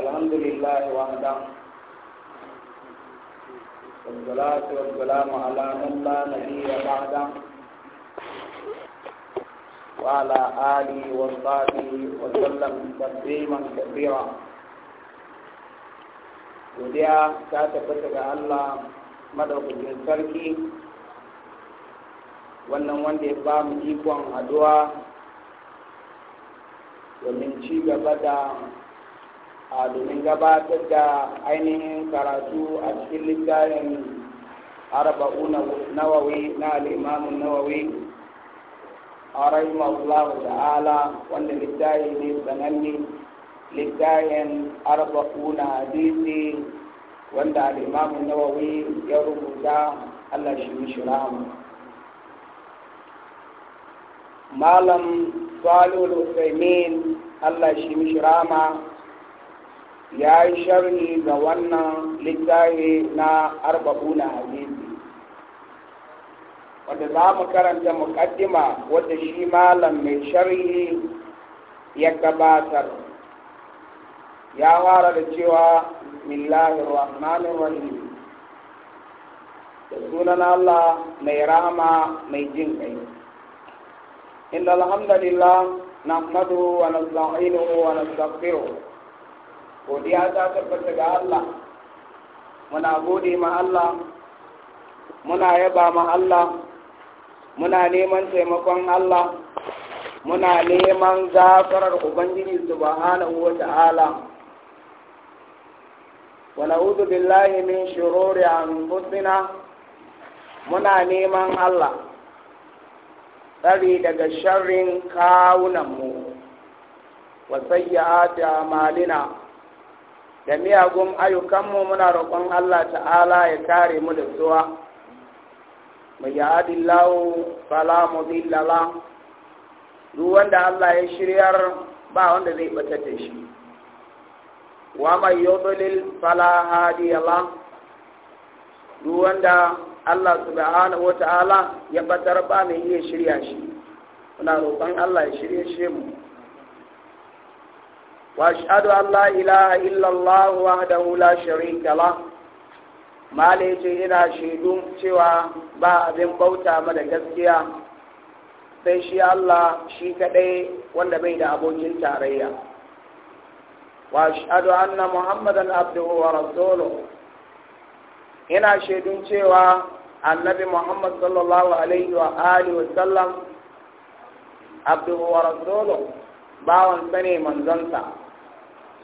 الحمد لله وحده والصلاة والسلام على من لا نبي بعده وعلى آله وصحبه وسلم تسليما كثيرا godiya ta tabbata ga Allah madaukakin sarki wannan wanda ya ba mu ikon addu'a domin ci gaba da a domin gabatar da ainihin karatu a cikin littafin arba'u nawawi na al'imamun nawawi a rahimahullahu ta'ala wanda littafi ne sananne littafin arba'u na hadisi wanda al'imamun nawawi ya rubuta allah shi mishi malam salihul usaimin allah shi mishi ya yi sharhi ga wannan littafi na arba'una hadisi wanda za mu karanta muƙaddima wadda shi malam mai sharhi ya gabatar ya fara da cewa millahir rahmanir rahim da sunan Allah mai rahama mai jin kai inda alhamdulillah nahmaduhu wa nasta'inuhu wa nastaghfiruh godiya ta tabbata ga Allah muna gode ma Allah muna yaba ma Allah muna neman taimakon Allah muna neman gafarar ubangiji subhanahu wa ta'ala wa na'udhu billahi min shururi anfusina muna neman Allah tsari daga sharrin kawunanmu wa sayyi'ati malina. da miyagun ayyukanmu muna roƙon Allah ta'ala ya kare mu da tsuwa mai ya'adillahu fala mudillala duk wanda Allah ya shiryar ba wanda zai bata da shi wa mai yudlil fala hadiyala duk wanda Allah subhanahu ta'ala ya batar ba mai iya shirya shi muna roƙon Allah ya shirye shi mu وأشهد أن لا إله إلا الله وحده لا شريك له malaici ina shaidun cewa ba abin bauta da gaskiya sai shi Allah shi kaɗai wanda bai da abokin tarayya wa shaɗu anna muhammadan abduhu wa rasulu ina shaidun cewa annabi muhammad sallallahu alaihi wa alihi wa sallam bawansa ne manzanta.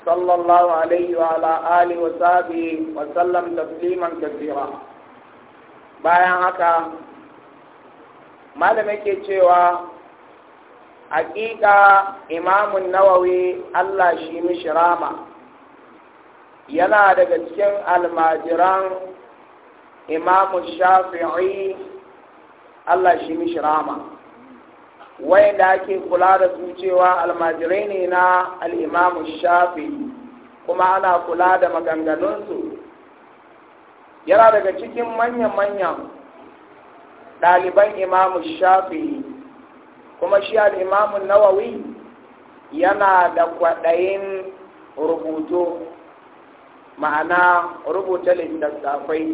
sallallahu alaihi wa ala alihi wa sahbihi wa sallam tasliman kathira bayan haka malam ke cewa haƙiƙa imamun nawawi Allah shi mishi yana daga cikin almajiran imamun shafi'i Allah shi mishi wayanda ake kula da su cewa almajirai ne na al'imamu shafi kuma ana kula da maganganunsu yana daga cikin manyan-manyan ɗaliban imamu shafi kuma shi al'imamu nawawi yana da kwaɗayin rubutu ma'ana rubuta littattafai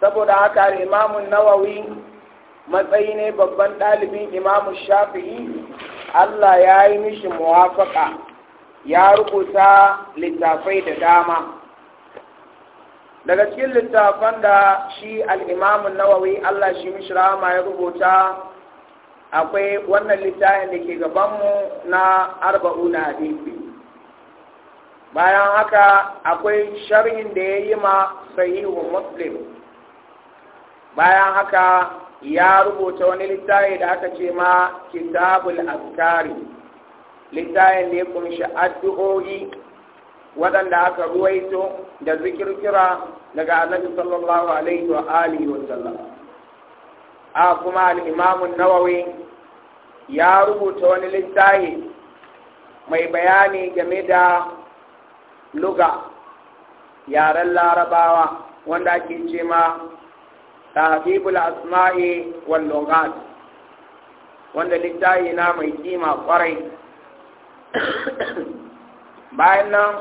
saboda haka al'imamun nawawi matsayi ne babban ɗalibin imamu shafi'i Allah ya yi mishi muwafaka ya rubuta littafai da dama daga cikin littafan da shi al'imamun nawawi Allah shi mishi rama ya rubuta akwai wannan littafin da ke gabanmu na arba'u na hadisi bayan haka akwai sharhin da ya yi ma sahihu muslim bayan haka ya rubuta wani littafi da aka ce ma kitabul azkari littafin da ya kunshi addu'o'i waɗanda aka ruwaito da zikirkira daga annabi sallallahu alaihi wa alihi wa sallam a kuma al-imamu nawawi ya rubuta wani littafi mai bayani game da luga yaren larabawa wanda ake ce ma tahdibul asma'i wal lughat wanda littafi na mai kima kwarai bayan nan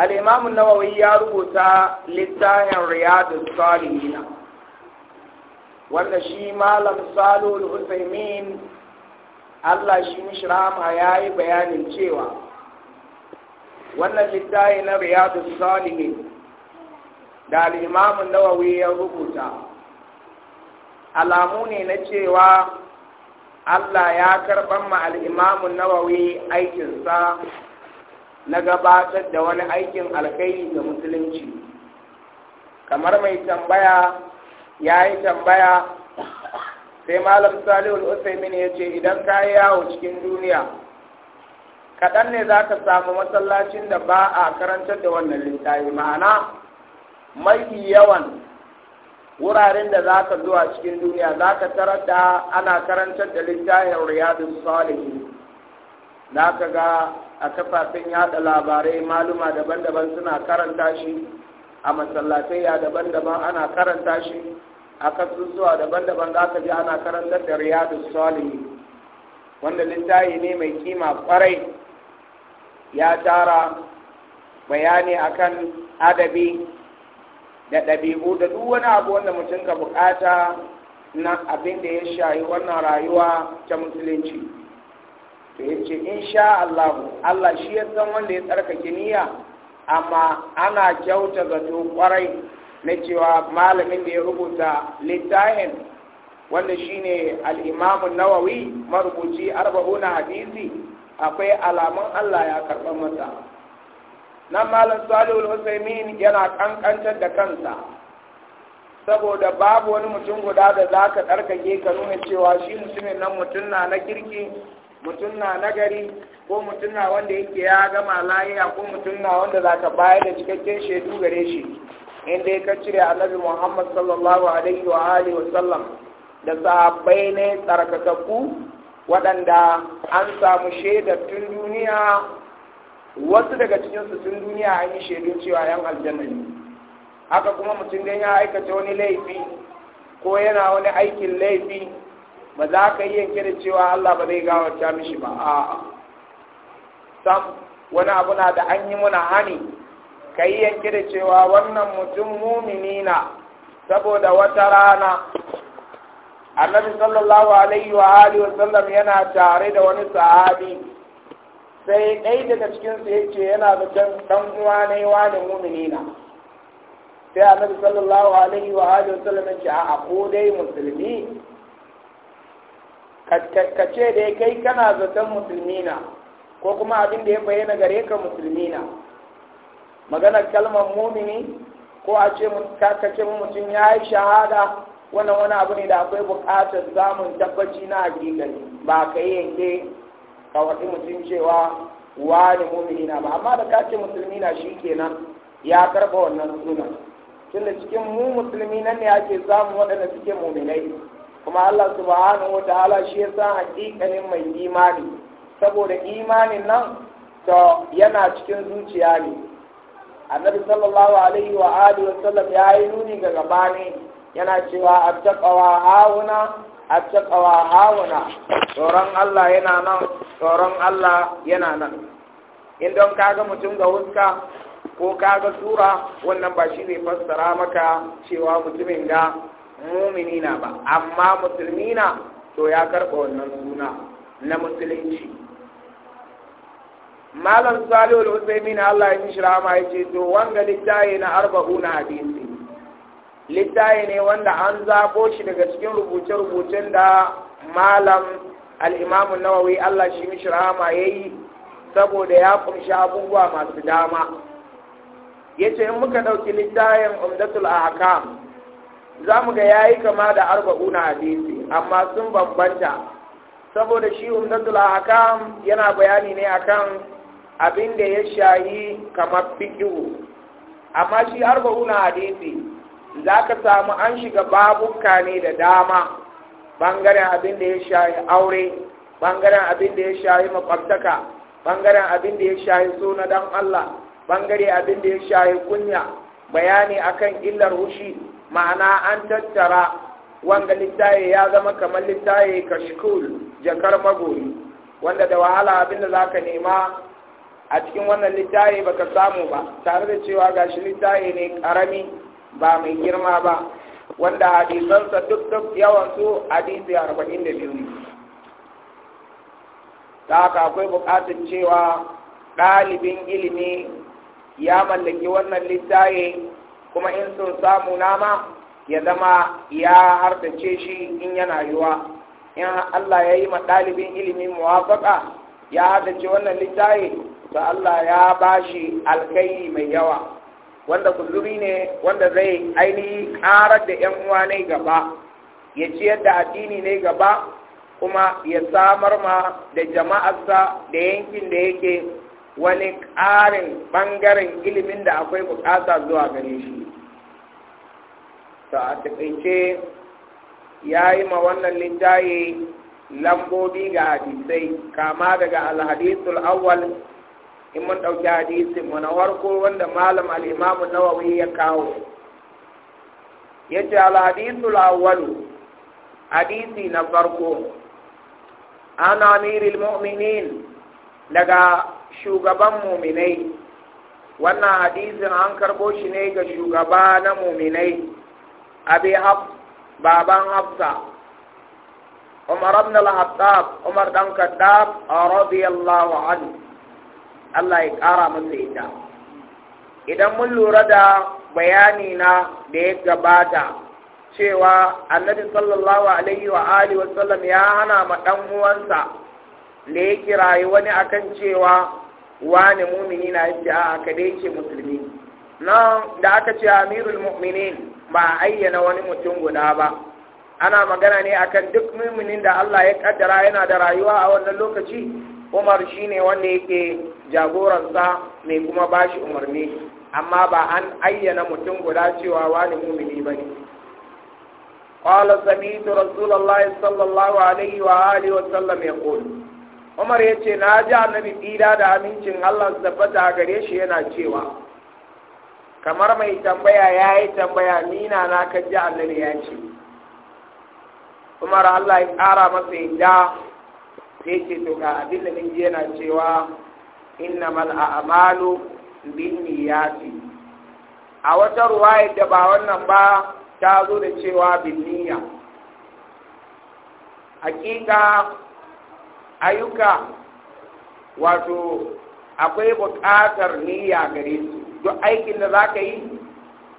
Alimamu nawawi ya rubuta littafin riyadus Salihina, wanda shi malam salul usaimin Allah shi ya yayi bayanin cewa wannan littafi na riyadus salihin da al'imamun nawawi ya rubuta alamu ne na cewa Allah ya karɓar ma al'imamun nawawi aikinsa na gabatar da wani aikin alkhairi da musulunci kamar mai tambaya ya yi tambaya sai malam salihul usaimin ya ce idan ka yi yawo cikin duniya kaɗan ne za ka samu masallacin da ba a karantar da wannan littafi ma'ana mafi yawan wuraren da za ka zuwa cikin duniya za ka tarar da ana karantar da littafin riyadun salihin za ka ga a kafafen yada labarai maluma daban-daban suna karanta shi a masallatai daban-daban ana karanta shi a kasusuwa daban-daban za ka ji ana karantar da riyadun salihin wanda littafi ne mai kima kwarai ya tara bayani akan adabi da ɗabi'u da duk wani abu wanda mutum ka bukata na abin da ya shayi wannan rayuwa ta musulunci to ya ce sha Allah Allah shi ya san wanda ya tsarkake niyya amma ana kyauta zato kwarai na cewa malamin da ya rubuta littafin wanda shi ne imam nawawi marubuci na hadisi akwai alamun Allah ya karɓar masa nan malam salihul husaymin yana kankantar da kansa saboda babu wani mutum guda da za ka tsarkake ka nuna cewa shi mutumin nan mutum na na kirki mutum na nagari ko mutum na wanda yake ya gama layiya ko mutum na wanda za ka bayar da cikakken shaidu gare shi inda ya cire annabi muhammad sallallahu alaihi wa alihi wa sallam da sahabbai ne tsarkakakku waɗanda an samu shaidar tun duniya wasu daga cikinsu sun duniya an yi shaidun cewa yan aljanna ne haka kuma mutum dan ya aikata wani laifi ko yana wani aikin laifi ba za ka yi yanke da cewa Allah ba zai gawarta mishi ba a'a sam wani abu na da an yi muna hani ka yi yanke da cewa wannan mutum mumini na saboda wata rana annabi sallallahu alaihi wa alihi wa sallam yana tare da wani sahabi sai ɗaya daga cikinsu ya ce yana zaton ɗan uwa ne wani mumini na sai annabi sallallahu alaihi wa alihi wasallam ya ce a ko dai musulmi ka da ya kai kana zaton musulmi na ko kuma abin da ya bayyana gare ka musulmi na maganar kalmar mumini ko a ce ka mutum ya yi shahada wannan wani abu ne da akwai buƙatar samun tabbaci na hakikani ba ka yi yanke kawai mutum cewa wani mumini na ba amma da kace musulmi na shi kenan ya karɓa wannan suna tunda cikin mu musulmi nan ne ake samu waɗanda suke muminai kuma Allah subhanahu wataala shi ya san hakikanin mai imani saboda imanin nan to yana cikin zuciya ne annabi sallallahu alaihi wa alihi wa sallam ya yi nuni ga gaba ne yana cewa attaqawa hauna attaqawa hawana tsoron Allah yana nan tsoron Allah yana nan in kaga mutum ga huska ko kaga sura wannan ba shi ne fassara maka cewa mutumin ga mumini na ba amma musulmi na to ya karɓa wannan suna na musulunci malam salihu al na Allah ya mishi rahama yace to wanga littaye na arba'una hadisi littafi ne wanda an zaɓo shi daga cikin rubuce-rubucen da malam al'imamu nawawi Allah shi mishi rahama ya yi saboda ya ƙunshi abubuwa masu dama ya ce in muka ɗauki littafin umdatul ahkam za mu ga ya yi kama da arba'una hadisi amma sun bambanta saboda shi umdatul ahkam yana bayani ne akan abin da ya shayi kamar fikihu amma shi arba'una hadisi za ka samu an shiga babuka ne da dama bangaren abin da ya shayi aure bangaren abin da ya shayi makwabtaka bangaren abin da ya shayi suna dan Allah bangare abin da ya shayi kunya bayani akan illar hushi ma'ana an tattara wanda littaye ya zama kamar littaye shikul jakar magori wanda da wahala abin da za ka nema a cikin wannan littaye baka samu ba tare da cewa gashi littaye ne ƙarami. ba mai girma ba wanda hadisansa duk duk yawan su hadisi arba'in da biyu ta haka akwai buƙatar cewa ɗalibin ilimi ya mallaki wannan littaye kuma in sun samu nama ya zama ya hardace shi in yana yiwa in Allah ya yi ma ɗalibin ilimin muwafaka ya haddace wannan littaye to Allah ya bashi alkai mai yawa wanda kuzuri ne wanda zai ainihi karar da yan uwa ne gaba ya ciyar da addini ne gaba kuma ya samar ma da jama'arsa da yankin da yake wani ƙarin ɓangaren ilimin da akwai buƙata zuwa gare shi ta taƙaice ya yi ma wannan littafi lambobi ga hadisai kama daga alhadisul awwal in mun ɗauki hadisin mu na farko wanda malam al'imamu nawa nawawi ya kawo yace al hadisu al hadisi na farko ana amiril mu'minin daga shugaban mu'minai wannan hadisin an karbo shi ne ga shugaba na mu'minai abi hab baban hafsa umar ibn al umar dan kaddab radiyallahu anhu Allah ya ƙara masa ita idan mun lura da bayani na da ya gabata cewa annabi sallallahu alaihi wa alihi wa sallam ya hana ma dan uwansa da ya kirayi wani akan cewa wani mumini na yace a ka dai ce musulmi nan da aka ce amirul mu'minin ba ayyana wani mutum guda ba ana magana ne akan duk muminin da Allah ya kaddara yana da rayuwa a wannan lokaci Umar shine wanda yake jagoransa mai kuma bashi umarni amma ba an ayyana mutum guda cewa wani mumini ba ne qala sami'tu rasulallah, sallallahu alaihi wa alihi wa sallam ya ƙoli Umar ya ce na ji annabi tsira da amincin Allah tabbata gare shi yana cewa kamar mai tambaya ya yi tambaya nina na kaji annabi ya ce Umar Allah ya ƙara masa yadda sai ce to ga abin da yana cewa innamal a'malu binniyati a wata ruwaya da ba wannan ba ta zo da cewa binniya hakika ayyuka wato akwai buƙatar niyya gare su duk aikin da za ka yi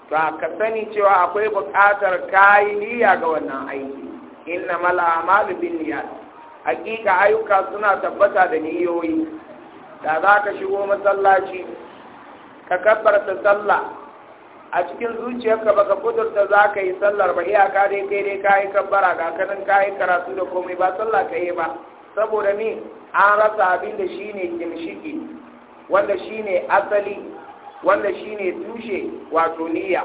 to ka sani cewa akwai buƙatar kayi niyya ga wannan aiki innamal a'malu binniyati hakika ayyuka suna tabbata da niyoyi da za ka shigo masallaci ka kabbarta sallah a cikin zuciyarka baka kudurta za ka yi sallar ba iyaka dai kai dai ka yi kabbara ga kanin ka yi karatu da komai ba sallah ka yi ba saboda ni an rasa abin da shi ne ginshiki wanda shi ne asali wanda shi ne tushe wato niyya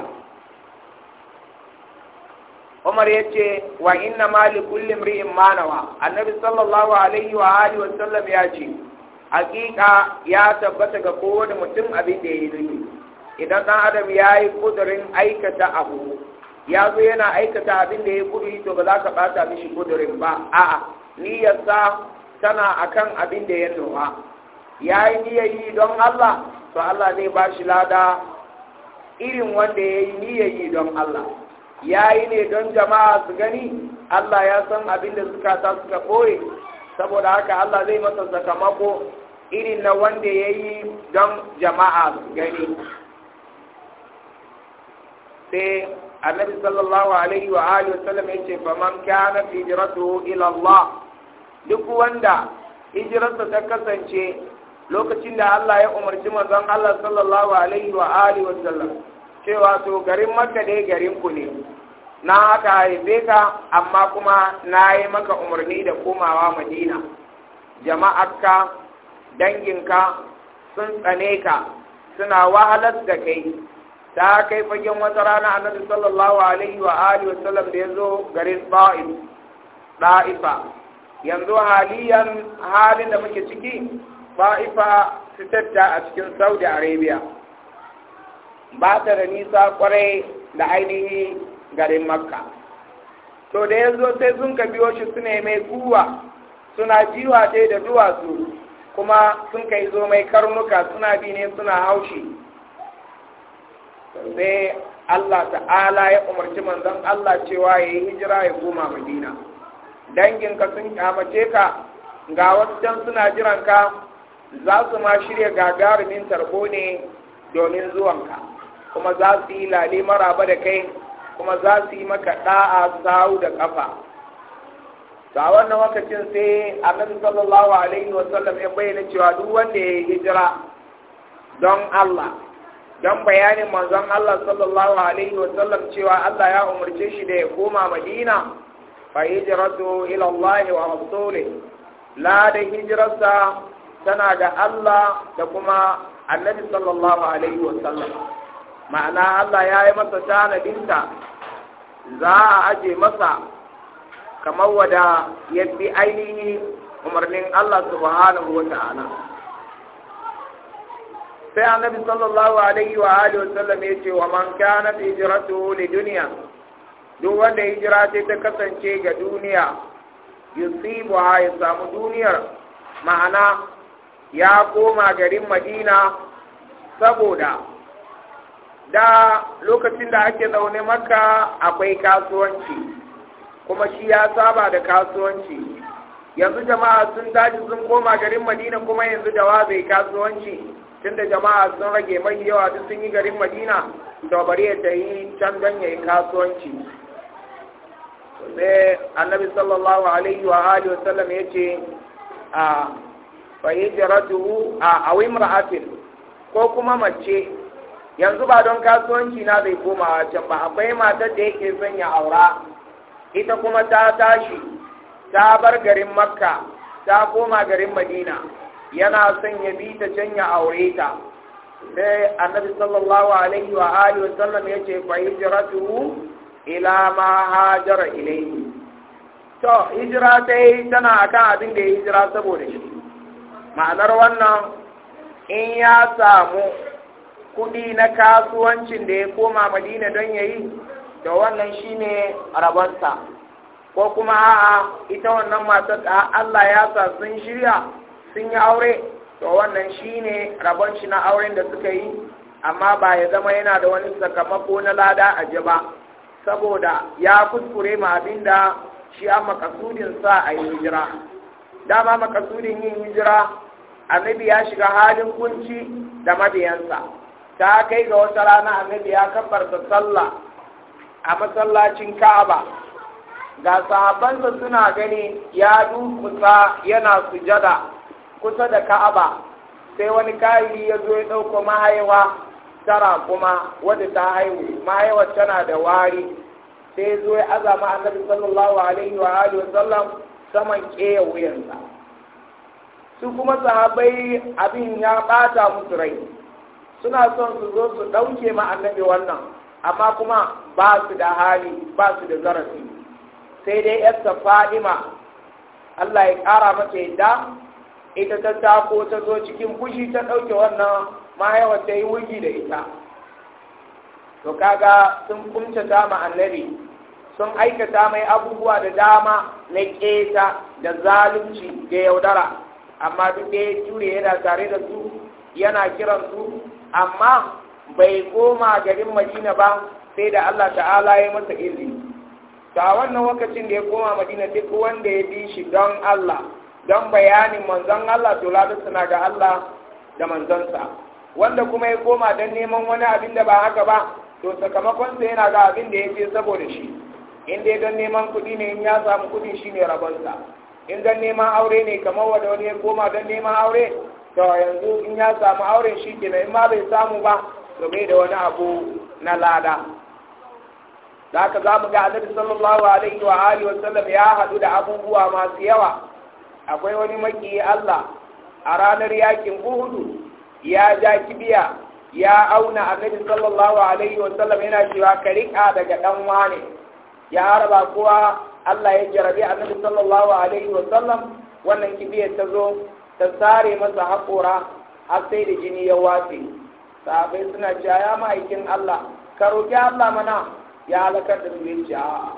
umar ya ce wa inna mali kullum ri'in manawa annabi sallallahu alaihi wa alihi wa sallam ya ce hakika ya tabbata ga kowane mutum abin da ya yi nufi idan ɗan adam ya yi ƙudurin aikata abu ya zo yana aikata abin da ya kuduri to ba za ka ɓata mishi ƙudurin ba a'a niyyarsa tana akan abin da ya nuna ya yi niyyar don Allah to Allah zai ba shi lada irin wanda ya yi niyayi don Allah ya yi ne don jama'a su gani Allah ya san abin da suka ta suka ɓoye saboda haka Allah zai masa sakamako irin na wanda ya yi don jama'a gani sai annabi sallallahu alaihi wa alihi wasallam yace faman kana fi hijratuhu ila Allah duk wanda hijirarsa ta kasance lokacin da Allah ya umarci manzon Allah sallallahu alaihi wa alihi wasallam cewa to garin Makka dai garin ku ne na aka haife ka amma kuma na yi maka umarni da komawa madina jama'arka danginka sun tsane ka suna wahalar da kai ta kai fagen wata rana annabi sallallahu alaihi wa alihi wasallam da ya zo garin ɗa'ifa yanzu haliyan halin da muke ciki su fitatta a cikin saudi arabia ba ta da nisa kwarai da ainihi garin makka to da ya zo sai sun ka biyo shi suna mai guwa suna jiwa dai da duwatsu kuma sun kai zo mai karnuka suna bi ne suna haushi sai Allah ta'ala ya umarci manzon Allah cewa ya yi hijira ya koma Madina danginka sun kyamace ka ga wasu suna jiran ka za su ma shirya gagarumin tarbo ne domin zuwanka kuma za su yi lale maraba da kai kuma za su yi maka da'a sau da kafa ta wannan lokacin sai annabi sallallahu alaihi wa sallam ya bayyana cewa duk wanda ya hijira don Allah don bayanin manzon Allah sallallahu alaihi wa sallam cewa Allah ya umarce shi da ya koma Madina fa hijratu ila Allah wa rasuli la da hijirarsa tana ga Allah da kuma annabi sallallahu alaihi wa sallam ma'ana Allah ya yi masa tanadinta za a aje masa kamar wada ya fi ainihi umarnin Allah subhanahu wa ta'ala sai annabi sallallahu alaihi wa alihi wasallam ya ce wa man kana hijratuhu li dunya duk wanda hijira sai ta kasance ga duniya yusibu ha ya samu duniyar ma'ana ya koma garin Madina saboda da lokacin da ake zaune maka akwai kasuwanci kuma shi ya saba da kasuwanci yanzu jama'a sun daji sun koma garin madina kuma yanzu da wa zai kasuwanci tunda jama'a sun rage mai yawa duk sun yi garin madina to bari ya yi can don ya kasuwanci sai annabi sallallahu alaihi wa alihi wasallam ya ce a ah, fayyajiratu a ah, awimra'atin ko kuma mace yanzu ba don kasuwanci na bai komawa can ba akwai matar da yake son ya aura ita kuma ta tashi ta bar garin makka ta koma garin madina yana son ya bi ta can ya aure ta sai annabi sallallahu alaihi wa alihi wa sallam ya ce fa hijratuhu ila ma hajara ilayhi to Hijra sai tana akan abin da ya hijira saboda shi ma'anar wannan in ya samu kuɗi na kasuwancin da ya koma madina don ya yi da wannan shi ne rabonsa ko kuma a'a ita wannan matar da Allah ya sa sun shirya sun yi aure da wannan shi rabon shi na auren da suka yi amma ba ya zama yana da wani sakamako na lada a ji ba saboda ya kuskure ma abin da shi a makasudin sa a yi hijira dama makasudin yin hijira annabi ya shiga halin kunci da mabiyansa ta kai ga wata rana annabi ya kafarta sallah a masallacin Ka'aba ga sahabbansa suna gani ya dukusa yana sujada kusa da Ka'aba sai wani kayi ya zo ya dauko mahaiwa tara kuma wadda ta haihu mahaiwa tana da wari sai zo ya azama annabi sallallahu alaihi wa alihi wasallam saman keya wuyansa su kuma sahabai abin ya ɓata musu rai suna son su zo su ɗauke ma annabi wannan amma kuma ba su da hali ba su da zarafi sai dai yarsa fadima Allah ya ƙara mata yadda ita ta tako ta zo cikin fushi ta ɗauke wannan mahaifa ta yi wuki da ita to kaga sun ta ma annabi sun aikata mai abubuwa da dama na ƙeta da zalunci da yaudara amma duk da ya jure yana tare da su yana kiran su amma bai koma garin madina ba sai da Allah ta'ala ya masa izini ta wannan lokacin da ya koma madina duk wanda ya bi shi don Allah don bayanin manzon Allah to suna ga Allah da manzonsa wanda kuma ya koma don neman wani abin da ba haka ba to sakamakonsa yana ga abin da ya ce saboda shi in dai don neman kuɗi ne in ya samu kuɗi shine ne rabonsa in don neman aure ne kamar wanda wani ya koma don neman aure to yanzu in ya samu auren shi kenan in ma bai samu ba game da wani abu na lada da haka za mu ga annabi sallallahu alaihi wa alihi wa sallam ya hadu da abubuwa masu yawa akwai wani maki Allah a ranar yakin Uhudu ya ja kibiya ya auna annabi sallallahu alaihi wa sallam yana cewa "Karika daga dan wane ya araba kowa Allah ya jarabi annabi sallallahu alaihi wa sallam wannan kibiyar ta zo ta tsare masa haƙora har sai da jini ya wafe sahabai suna cewa ya ma'aikin Allah ka roƙi Allah mana ya halakar da zuciya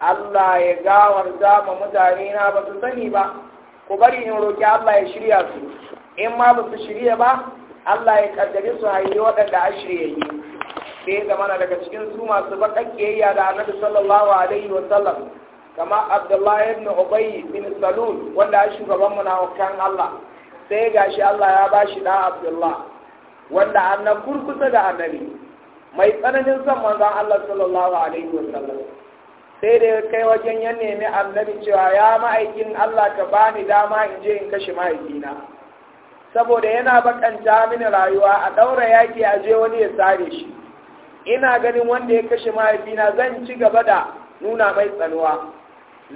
Allah ya gawar zama mutane na ba su sani ba ku bari in roƙi Allah ya shirya su in ma ba su shirya ba Allah ya kaddare su haifi waɗanda a shirya yi sai ga mana daga cikin su masu baƙaƙƙiyayya da annabi sallallahu alaihi wa sallam kama abdullahi ibn ubay bin salul wanda ya na munafikan Allah sai gashi Allah ya bashi da abdullah wanda an na kurkusa da annabi mai tsananin son manzon Allah sallallahu alaihi wasallam sai da ya kai wajen ya nemi annabi cewa ya ma'aikin Allah ka bani dama in je in kashe mahaifina saboda yana bakanta mini rayuwa a daura yaki a je wani ya sare shi ina ganin wanda ya kashe mahaifina zan ci gaba da nuna mai tsanuwa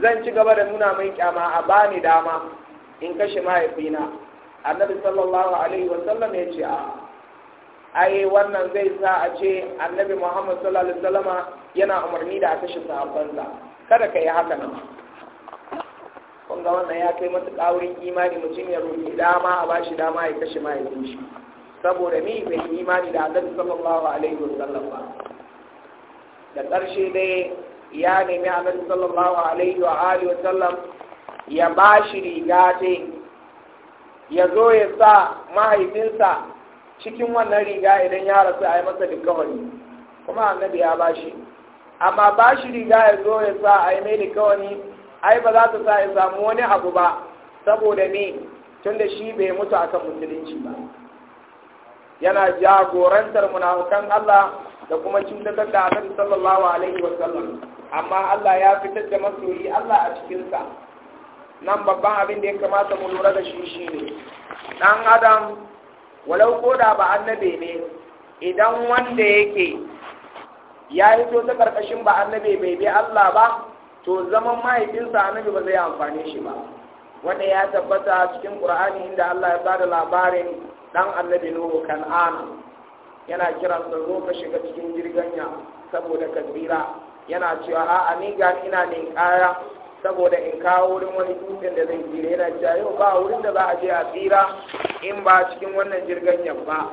zan ci gaba da nuna mai kyama a bani dama in kashe mahaifina annabi sallallahu alaihi sallam ya ce a ai wannan zai sa a ce annabi muhammad sallallahu alaihi sallam yana umarni da a kashe sahabbansa kada ka yi haka nan kun ga wannan ya kai matuƙa wurin imani mutum ya roƙi dama a ba shi dama ya kashe mahaifin shi saboda ni bai imani da annabi sallallahu alaihi sallam ba da ƙarshe dai ya nemi annabi sallallahu alaihi wa alihi wa sallam ya shi riga ce ya zo ya sa mahaifinsa cikin wannan riga idan ya rasu a yi masa likawani kuma annabi ya ba shi. amma ba shi riga ya zo ya sa a yi mai likawani ai ba za ta sa ya samu wani abu ba saboda me tunda shi bai mutu akan musulunci ba yana jagorantar munafukan Allah da kuma cutar da annabi sallallahu alaihi wa sallam amma Allah ya fitar da masoyi Allah a cikin sa nan babban abin da ya kamata mu lura da shi shine dan adam walau ko da ba annabi ne idan wanda yake ya hito ta karkashin ba annabi bai bi Allah ba to zaman mahaifinsa annabi ba zai amfane shi ba wanda ya tabbata cikin Qur'ani inda Allah ya bada labarin dan annabi Nuhu Kan'an yana kiran sa zo ka shiga cikin jirganya saboda kabira yana cewa a ni ga ina ne kaya saboda in kawo wurin wani dutsen da zai tsira yana cewa yau ba wurin da za a je a tsira in ba cikin wannan jirganyan ba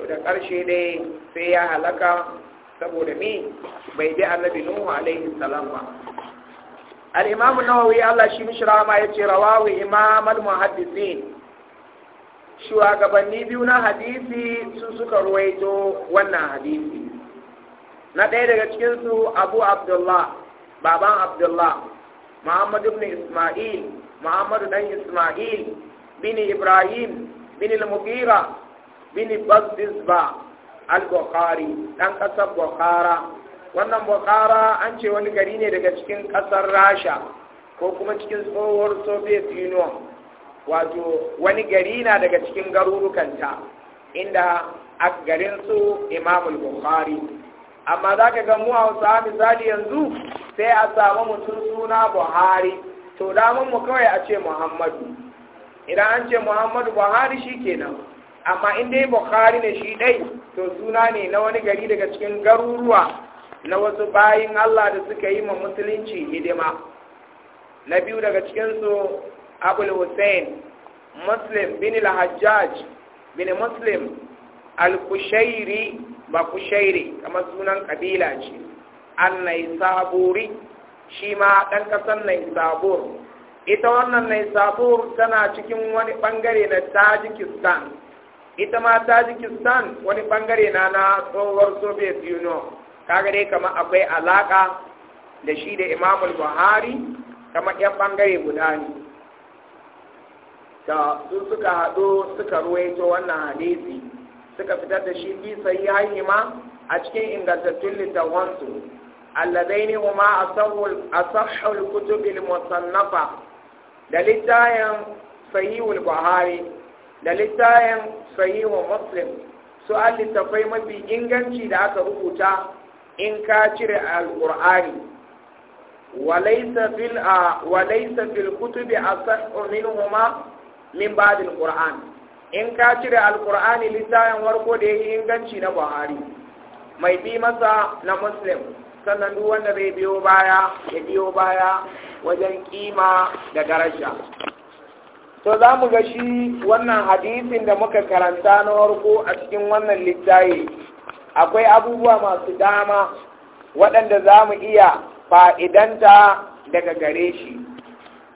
to da ƙarshe dai sai ya halaka saboda me bai bi annabi nuhu alaihi salam ba al-imam an-nawawi Allah shi mishrama yace rawawi imam al-muhaddisin shugabanni biyu na hadisi su suka ruwaito wannan hadisi na ɗaya daga cikinsu abu abdullah baban abdullah Muhammadu ibn isma'il muhammad dan isma'il bin ibrahim bin al-mughira bin bazdisba al-bukhari dan kasar bukhara wannan bukhara an ce wani gari ne daga cikin kasar rasha ko kuma cikin tsohuwar soviet union wato wani gari na daga cikin garurukanta inda a garin su imamul bukhari amma za ka ga mu wasa misali yanzu sai a samu mutum suna buhari to damun mu kawai a ce muhammadu idan an ce muhammadu buhari shi kenan amma inda yi buhari ne shi dai to suna ne na wani gari daga cikin garuruwa na wasu bayin allah da suka yi ma musulunci hidima na biyu daga cikinsu abul hussein muslim bin al-hajjaj bin muslim al-kushairi ba kushairi kamar sunan kabila ce an naisaburi shi ma ɗan ƙasar naisabur ita wannan naisabur tana cikin wani bangare na tajikistan ita ma tajikistan wani bangare na na tsohuwar soviet union kaga dai kama akwai alaƙa da shi da imamul buhari kama 'yan bangare guda ne da su suka haɗu suka ruwaito wannan hadisi suka fitar da shi fi sahihaini ma a cikin ingantattun littafansu alladaini huma asahhul kutubil musannafa da littayan sahihul buhari da littayan sahihul muslim su an littafai mafi inganci da aka rubuta in ka cire alƙur'ani walaisa fil kutubi asahhu minhuma min da qur'an in ka cire Alƙur'ani, littafin warko da yi inganci na buhari mai bi masa na muslim sannan duk wanda bai biyo baya ya biyo baya wajen kima da daraja to za mu ga shi wannan hadisin da muka karanta na warko a cikin wannan littafi akwai abubuwa masu dama waɗanda za mu iya fa'idanta daga gare shi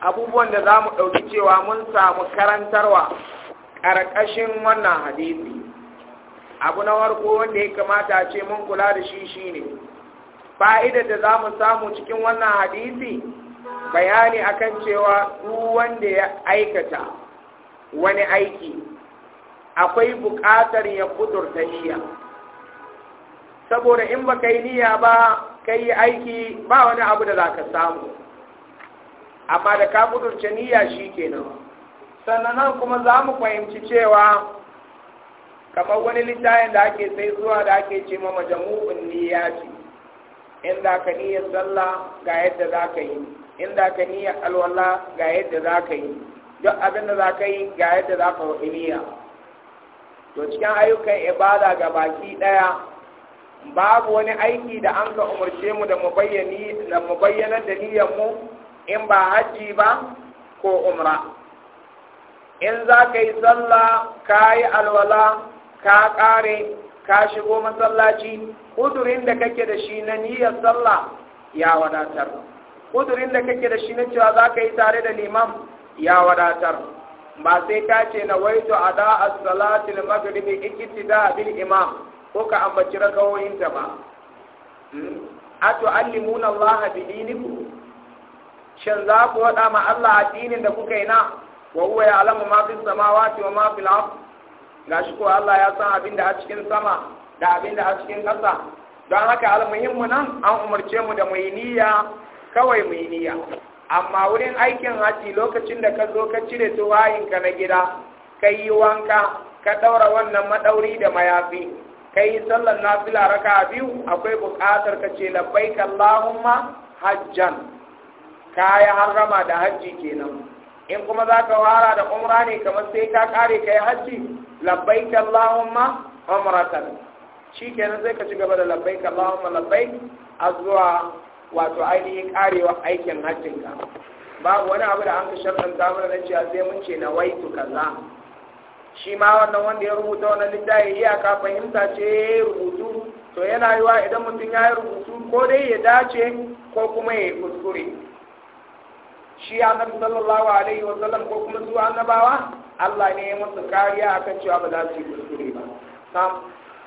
abubuwan da za mu ɗauki cewa mun samu karantarwa ƙarƙashin wannan hadisi abu na warko wanda ya kamata ce mun kula da shi shi ne fa'idar da za mu samu cikin wannan hadisi bayani akan cewa duk wanda ya aikata wani aiki akwai buƙatar ya kudurta niyya saboda in ba yi niyya ba kai aiki ba wani abu da za ka samu amma da ka kudurce niyya shi kenan sannan nan kuma za mu fahimci cewa kamar wani littafin da ake sai zuwa da ake ce ma majamu'un niyya ce in za ka niyyar sallah ga yadda za ka yi in za ka niyyar alwala ga yadda za ka yi duk abin da za ka yi ga yadda za ka wani niyya to cikin ayyukan ibada ga baki ɗaya babu wani aiki da an ka umarce mu da mu bayyana da niyyar mu in ba hajji ba ko umra in za ka yi sallah ka yi alwala ka ƙare ka shigo masallaci kudurin da kake da shi na niyyar sallah ya wadatar kudurin da kake da shi na cewa za ka yi tare da liman ya wadatar ba sai ka ce na waito a da a salatul ikiti da bil imam ko ka ambaci rakawoyinta ba hmm? a to allimuna Allah bi dinikum shin za ku waɗa ma Allah addinin da kuka yi na wa huwa ya'lamu ma fi sama wa ma fil ga gashi ko Allah ya san abin da a cikin sama da abin da a cikin ƙasa don haka almuhimmu nan an umarce mu da mu niyya kawai mu niyya amma wurin aikin haji lokacin da ka zo ka cire tuwayinka na gida ka yi wanka ka ɗaura wannan maɗauri da mayafi ka yi sallar nafila raka biyu akwai buƙatar ka ce labbaik Allahumma hajjan ka yi harrama da hajji kenan in kuma za ka fara da umra ne kamar sai ka kare ka yi hajji labbaik Allahumma umratan shi kenan sai ka ci gaba da labbaik Allahumma labbai a zuwa wato ainihin karewa aikin hajjinka babu wani abu da an ka sharɗanta mana na cewa sai mun ce na waitu kaza shi ma wannan wanda ya rubuta wannan littafi iyaka fahimta ce rubutu to yana yiwa idan mutum ya yi rubutu ko dai ya dace ko kuma ya kuskure shi annabi sallallahu alaihi wa sallam ko kuma su annabawa Allah ne ya musu kariya kan cewa ba za su yi kuskure ba sam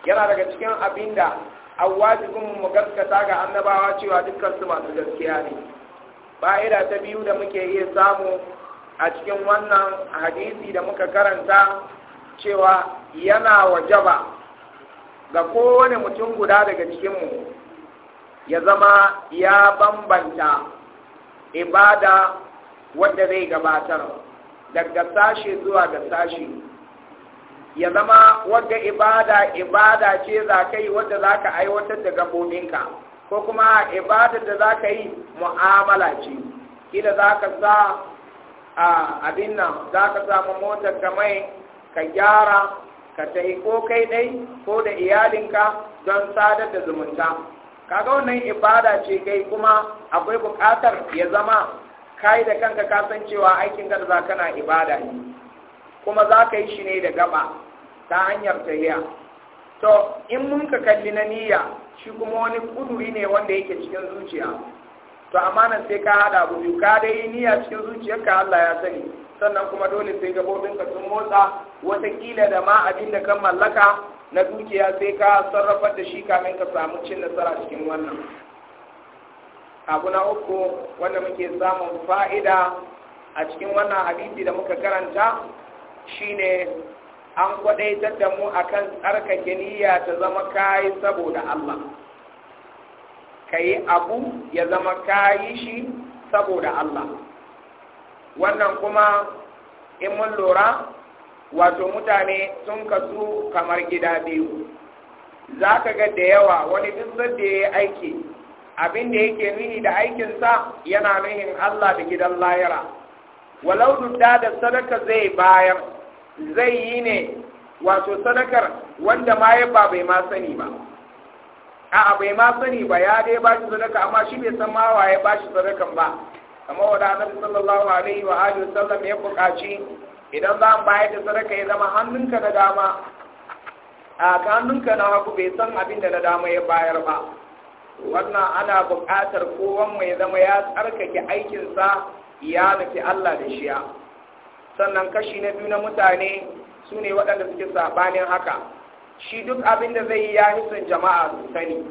yana daga cikin abinda awajibin mu gaskata ga annabawa cewa dukkan su masu gaskiya ne fa'ida ta biyu da muke iya samu a cikin wannan hadisi da muka karanta cewa yana wajaba ga kowane mutum guda daga cikinmu ya zama ya bambanta ibada wanda zai gabatar daga sashi zuwa ga sashi ya zama wadda ibada ibada ce za ka yi wadda za ka aiwatar da gabobinka ko kuma ibada da za ka yi mu'amala ce kila za ka sa a abin nan za ka samu motar ka mai ka gyara ka tahi ko kai dai ko da iyalinka don sadar da zumunta kaga wannan ibada ce kai kuma akwai bukatar ya zama kai da kanka ka san cewa aikin garza kana ibada ne kuma za ka yi shi ne da gaba ta hanyar tahiya to in mun ka kalli na niyya shi kuma wani kuduri ne wanda yake cikin zuciya to amanan sai ka hada abu ka dai niyya cikin zuciyarka Allah ya sani sannan kuma dole sai ka sun motsa watakila da ma abin da kan mallaka na dukiya sai ka sarrafa da shi kamin ka samu cin nasara cikin wannan abu na uku wanda muke samun fa'ida a cikin wannan hadisi da muka karanta shine an kwadaitar da a kan tsarkake niyya ta zama kayi saboda Allah Ka yi abu ya zama kayi shi saboda Allah wannan kuma in mun lura wato mutane sun kasu kamar gida biyu za ka ga da yawa wani duk da ya yi aiki abin da yake nuni da aikinsa yana nuhin Allah da gidan layara walau dudda da sadaka zai bayar zai yi ne wato sadakar wanda ma ya ba bai ma sani ba a bai ma sani ba ya dai ba shi sadaka amma shi bai san ma waye ba shi sadakan ba kamar wanda annabi sallallahu alaihi wa alihi wasallam ya buƙaci idan za mu bayar da sadaka ya zama hannunka na dama a hannunka na hagu bai san abin da na dama ya bayar ba wannan ana buƙatar kowan mai zama ya tsarkake aikinsa ya nufi Allah da shiya sannan kashi na biyu na mutane su ne waɗanda suke saɓanin haka shi duk abin da zai yi ya hisun jama'a su sani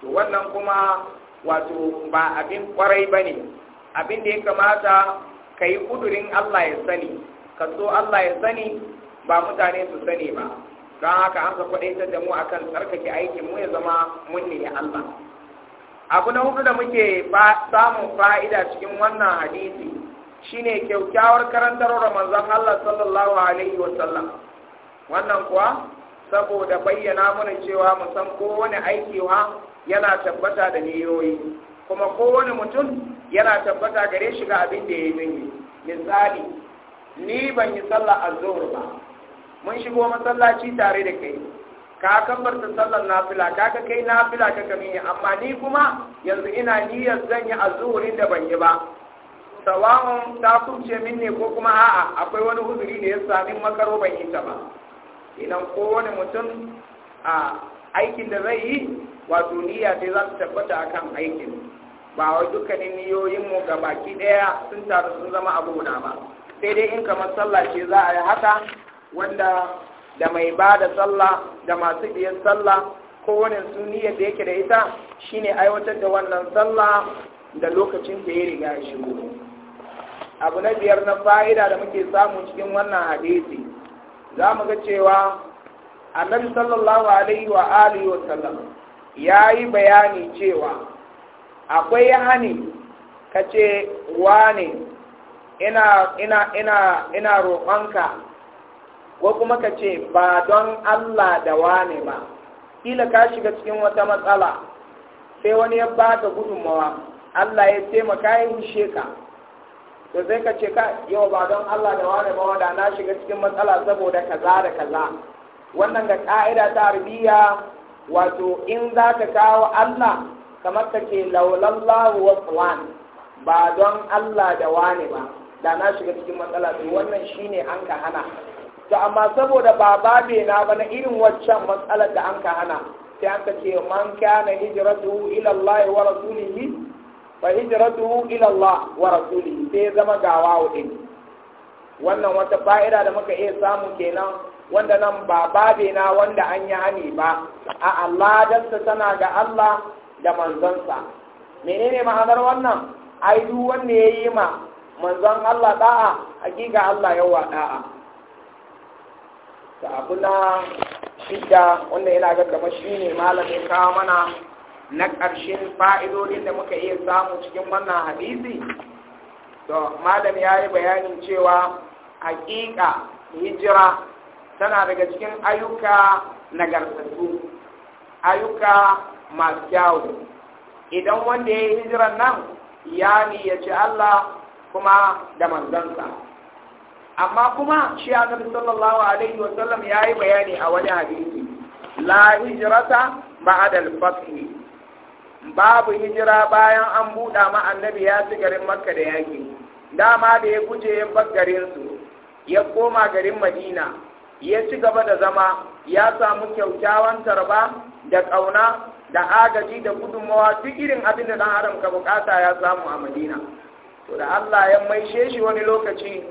to wannan kuma wato ba abin ƙwarai ba ne abin da ya kamata ka yi ƙudurin Allah ya sani ka so Allah ya sani ba mutane su sani ba don haka an ka kwaɗaitar da mu akan tsarkake aikin mu ya zama mun ya Allah abu na hudu da muke samun fa'ida cikin wannan hadisi shine kyaukyawar karantarwar ramazan Allah sallallahu alaihi wasallam wannan kuwa saboda bayyana mana cewa mu kowane aiki yana tabbata da niyoyi kuma kowane mutum yana tabbata gare shi ga abin da ya yi misali ni ban yi sallah zuwa ba mun shigo masallaci tare da kai ka kabbarta sallar nafila ka ka kai nafila ka yi amma ni kuma yanzu ina niyyar zan yi azuri da ban yi ba sawa'un ta kubce min ne ko kuma a'a akwai wani huzuri da ya sami makaro ban yi ta ba idan kowane mutum a aikin da zai yi wato niyya sai za su tabbata akan aikin ba wai dukkanin niyoyinmu ga baki ɗaya sun taru sun zama abu guda ba sai dai in kamar sallah ce za a yi haka wanda da mai ba da sallah da masu biyan sallah ko su niyyar da yake da ita shine aiwatar da wannan sallah da lokacin da ya riga ya shigo abu na biyar na fa'ida da muke samu cikin wannan hadisi za mu ga cewa annabi sallallahu alaihi wa alihi wa sallam ya yi bayani cewa akwai hani ka ce wane ina ina ina ina roƙonka ko kuma ka ce ba don Allah da wane ba kila ka shiga cikin wata matsala sai wani ya baka gudunmawa Allah ya taimaka ya rushe ka to sai ka ce ka yau ba don Allah da wane ba wanda na shiga cikin matsala saboda kaza da kaza wannan ga ka'ida ta harbiya, wato in za ka kawo Allah kamar ka ce laulallahu wa fulan ba don Allah da wane ba da na shiga cikin matsala to wannan shine an ka hana to amma saboda ba babe na ba na irin waccan matsalar da an ka hana sai an ka ce man kana hijratuhu ila Allah wa rasulihi fa hijratuhu ila Allah wa rasulihi sai zama gawa wadin wannan wata fa'ida da muka iya samu kenan wanda nan ba babe na wanda an yi hani ba a Allah dasta tana ga Allah da manzansa menene ma'anar wannan ai duk wanda yayi ma manzon Allah da'a hakika Allah yawa da'a da abu na shidda wanda yana ga kamar shi ne malamin kawo mana na ƙarshen fa'idodin da muka iya samu cikin wannan hadisi to malam ya yi bayanin cewa haƙiƙa hijira tana daga cikin ayyuka nagartatu, ayyuka masu kyawu idan wanda ya yi hijiran nan ya ce Allah kuma da manzansa amma kuma shi annabi sallallahu alaihi wa sallam yayi bayani a wani hadisi la hijrata ba'da al-fath babu hijira bayan an buɗa ma annabi ya ci garin makka da yaki dama da ya guje ya bar ya koma garin madina ya ci gaba da zama ya samu kyaukyawan tarba da ƙauna da agaji da gudunmawa duk irin abin da ɗan adam ka bukata ya samu a madina to da allah ya maishe shi wani lokaci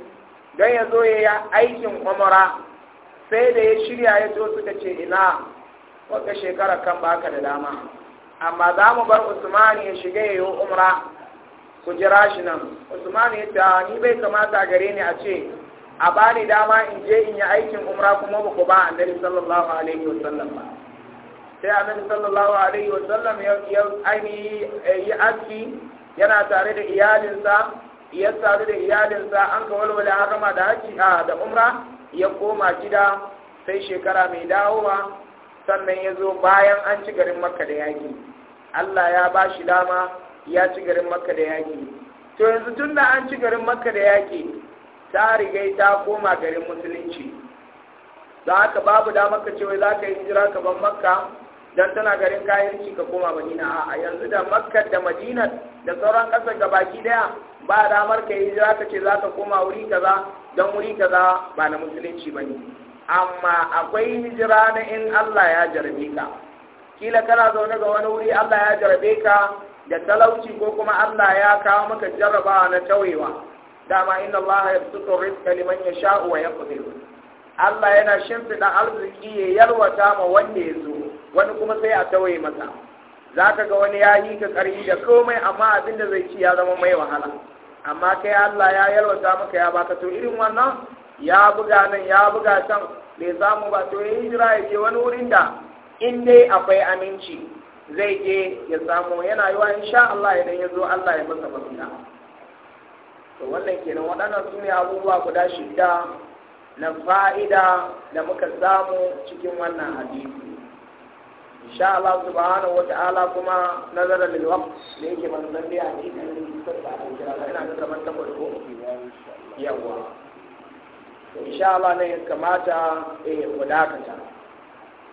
don ya zo ya yi aikin umara sai da ya shirya ya zo suka ce ina wata shekara kan baka da dama amma za mu bar Usman ya shiga ya yi umara ku jira shi nan usman ya ta ni bai kamata gare ni a ce a bani dama in je in yi aikin umra kuma ba ku ba annabi sallallahu alaihi wasallam ba sai annabi sallallahu alaihi wasallam ya yi eh, aski yana tare da iyalinsa ya sadu da iyalinsa an ka an harama da haji a da umra ya koma gida sai shekara mai dawowa sannan ya zo bayan an ci garin makka da yaƙi Allah ya ba shi dama ya ci garin makka da yaƙi to yanzu tun da an ci garin makka da yaƙi ta rigai ta koma garin musulunci Za ka babu dama ka ce wai za ka yi jira ka ban makka don tana garin ci ka koma madina a yanzu da makka da madina da sauran ƙasar gabaki daya ba damar ka yi za ka ce za ka koma wuri kaza don wuri kaza ba na musulunci ba ne amma akwai hijira na in Allah ya jarabe ka kila kana zaune ga wani wuri Allah ya jarabe ka da talauci ko kuma Allah ya kawo maka jarrabawa na tawewa dama inna Allah ya yabsutu rizqa liman sha'u wa yaqdir Allah yana shimfida arziki ya yarwata ma wanda ya zo wani kuma sai a tawaye masa za ka ga wani ya yi ka ƙarfi da komai amma abin da zai ci ya zama mai wahala amma kai Allah ya yalwata maka ya baka to irin wannan ya buga nan ya buga can bai samu ba to ya jira ya je wani wurin da in dai akwai aminci zai je ya samu yana yiwa sha Allah idan ya zo Allah ya masa mafiya to wannan kenan waɗannan su ne abubuwa guda shida na fa'ida da muka samu cikin wannan hadisi sha Allah subhanahu wata'ala kuma nazarar lil waqt da yake manzon da yake kan da ina da zaman tabbata ko yawa insha Allah ne kamata eh mu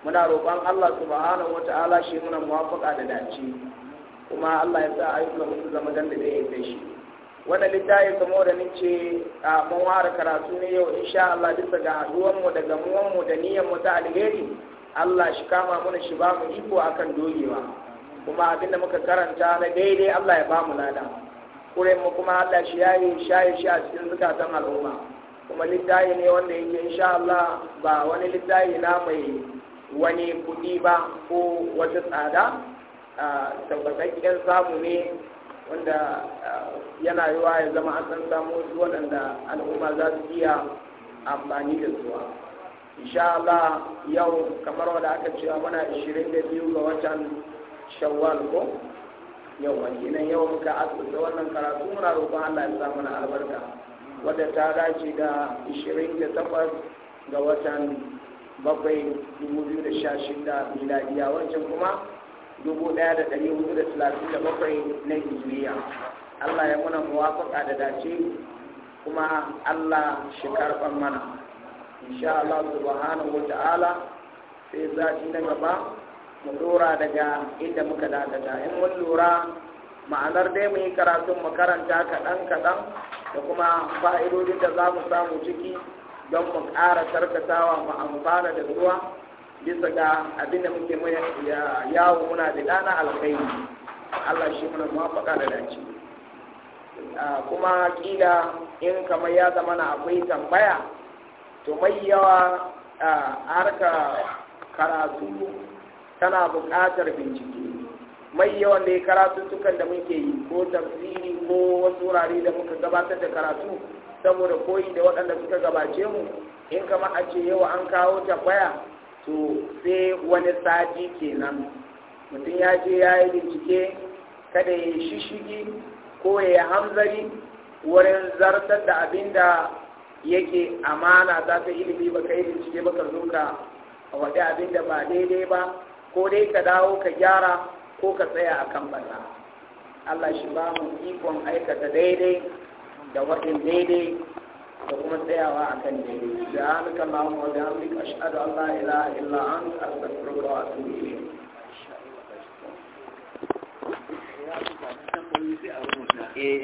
muna roƙon Allah subhanahu wata'ala shi muna muwafaka da dace kuma Allah ya sa ayyukan mu zama ganda da yake shi wannan littafi kuma da ce a mun ware karatu ne yau insha Allah bisa ga haduwan mu da gamuwan mu da niyyar mu ta alheri Allah shi kama mana shi ba mu iko akan dogewa kuma abinda muka karanta na daidai Allah ya ba mu lada kuren mu kuma Allah shi yayi shayi shi a cikin zukatan al'umma kuma littafi ne wanda yake insha Allah ba wani littafi na mai wani kuɗi ba ko wata tsada tabbatakken samu ne wanda yana yiwa ya zama a san samu wasu waɗanda al'umma za su iya amfani da zuwa. insha Allah yau kamar wanda aka cewa muna 22 ga watan shawwal ko yau kenan yau muka asibiti wannan karatu muna roƙon Allah ya sa na albarka wadda ta dace da 28 ga watan bakwai 2016 miladiya wancan kuma 1437 na hijiriya Allah ya muna muwafaka da dace kuma Allah shi karɓar mana insha Allah subhanahu wa ta'ala sai zafi na gaba mu dora daga inda muka dakata in mun lura ma'anar dai mu yi karatun makaranta kaɗan kaɗan da kuma fa'idodin da za mu samu ciki don mu ƙara tarkatawa mu amfana da ruwa bisa ga abin da muke mai yawo muna da ɗana alkhairi Allah shi muna mafaka da dace ah, kuma kila in kamar ya zama na akwai tambaya to mai yawa a harka karatu tana buƙatar bincike mai yawan da ya karatu tukan da muke yi ko tafsiri ko wasu wurare da muka gabatar da karatu saboda koyi da waɗanda suka gabace mu in kama a ce yau an kawo tabbaya to sai wani sati kenan mutum ya ce ya yi bincike kada ya yi shishigi ko ya yi hamzari wurin zartar da abin da yake amana za ta ilimi ba ka yi bincike ba ka zo ka waɗe abin da ba daidai ba ko dai ka dawo ka gyara ko ka tsaya a kan balla Allah shi ba mu ikon aikata daidai da waɗin daidai da kuma tsayawa a kan daidai da hannun Allah wa da hannun ashadu Allah ila illa an astaghfiruka wa atubu ilayk eh,